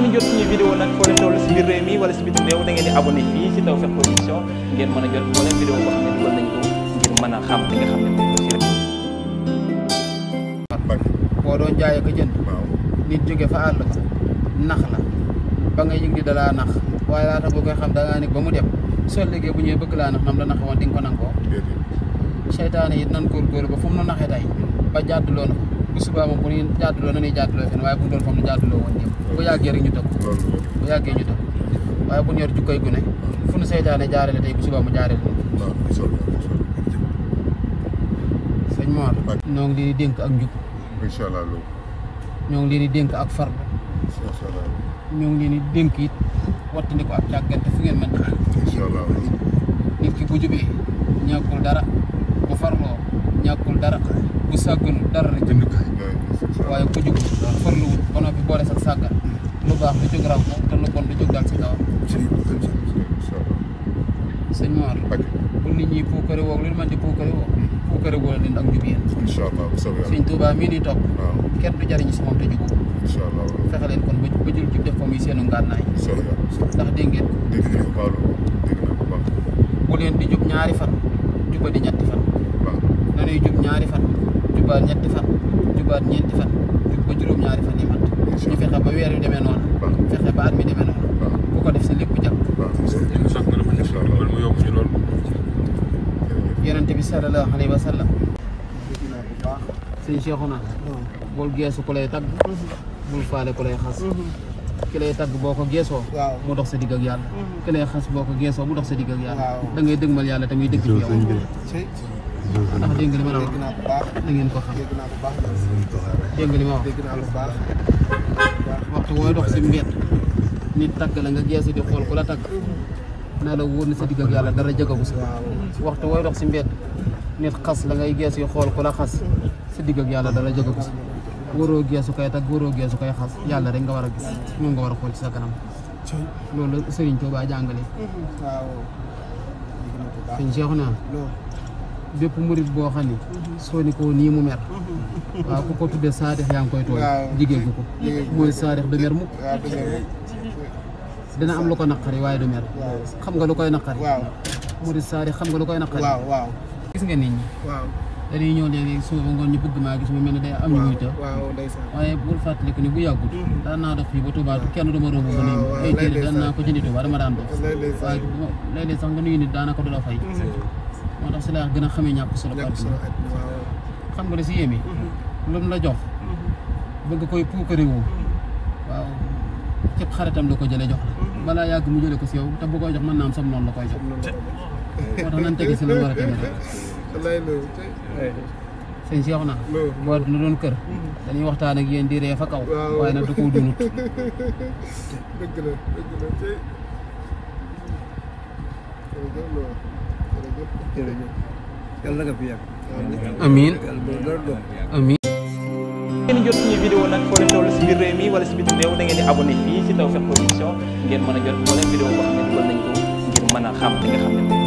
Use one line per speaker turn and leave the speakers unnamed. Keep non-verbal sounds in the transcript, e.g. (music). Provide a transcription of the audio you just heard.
ngeen jot suñu vidéo nag foo leen toll si biir réew mi wala si bitim réew da ngeen di abonné fii si Tawfekh Production ngeen mën a jot xam ne ko mën a xam li nga xam ne moom la ko jënd. nit ba nga yëg ni dalaa nax waaye laata boo koy mu dem soo liggéey bu ñëwee bëgg laa nax nam la naxoon di nga ko nangoo. seytaane it nan góorgóorlu ba fu mu nu naxee ba jàdd loolu bu subaa moom bu ñuy jaatuloo na ñuy jaatuloo fenn waaye bu doon fam ne jaatuloo woon ñëpp bu yàggee ñu tëb bu yàggee ñu tëb waaye bu ñor jukkoy gune fu nu seytaane jaarale tey bu subaa mu jaarale sëñ Mor ñoo ngi leen di dénk ak njub ñoo ngi leen di dénk ak farlu ñoo ngi leen di dénk it wattandi ko ak càggante fu ngeen mën nit ki bu jubee ñàkkul sàgganu dara rek jënd ko waaye ku jóg hmm. lu baax lu jóg raw ko te lu ñu mën di puukare woo hmm. puukare woo di topp kenn du jariñ si moom te jugu incha allah fexe leen kon ba jël jub def ko muy seenu ngànnaay ndax dégg bu leen di jub ñaari fan juba di ñetti fan dañuy jub ñaari fan jubaat ñetti fan jubaat ñeenti fan ba juróom-ñaari fan yi mat ñu fexe ba weer yu demee noonu fexe ba at mi demee noonu bu ko def si lépp jàpp yonente bi sallallahu alayhi wa sallam sëñ Cheikhouna bul geesu ku lay tagg bul faale ku lay xas ki lay tagg boo ko geesoo mu dox sa digg ak yàlla ki lay xas boo ko geesoo mu dox sa digg ak yàlla da ngay dëgmal yàlla te muy dëgg ci yow ndax dégg nga li ma la wax ngeen ko xam dégg nga li ma wax waxtu wooy dox si mbedd nit tagg la nga geesu di xool ku la tagg na la wóor na sa digg ak yàlla dara jagagu si waxtu wooy dox si mbedd nit xas la ngay geesu xool ku la xas sa digg ak yàlla dara jagagu si waroo geesu kay tagg waroo geesu kay xas yàlla rek nga war a gis moom nga war a xool ci sa kanam loolu Serigne Touba jàngale waaw sëñ Cheikh bépp murit boo xam ne soo ni ko nii mu mer waaw ku ko tuddee saadix yaa ngi koy tooñ jigéen gu ko mooy saadix du mer am lu ko naqari waaye du mer xam nga lu koy naqari murit saadix xam nga lu koy naqari gis nga nit ñi dañuy ñëw léegi suba ba ngoon ñu bëgg maa gis mu mel ni day am ñu muy ta waaye bul fàttaliku ni bu yàggut mm-hmm. daan naa dox fii ba Touba kenn du ma romb ba nuyu ay jëli daan ko jëndi Touba dama daan dox waaye léeg-léeg sax nga nuyu nit daanaka du la fay mm-hmm. moo tax si laa gën a xamee ñàkk solo xam nga da si yéemi mm-hmm. lu la jox mm-hmm. bëgg koy puukarewu mm-hmm. waaw cëpp xaritam la ko jële jox la balaa yàgg mu jële ko si yow te bu jox man naam sam noonu la koy jox moo tax nan tege si lu war a tege sëñ si wax na boo nu doon kër dañuy waxtaan ak yéen di ree fa kaw waaye nag du ko dunut (laughs) dëgg jërëjëf yàlla nga fi yàgg. amiin amiin. ngeen jot suñu vidéo wala si bitim réew da ngeen di abonné fii si ngeen mën a jot moo leen vidéo boo xam ne dugal a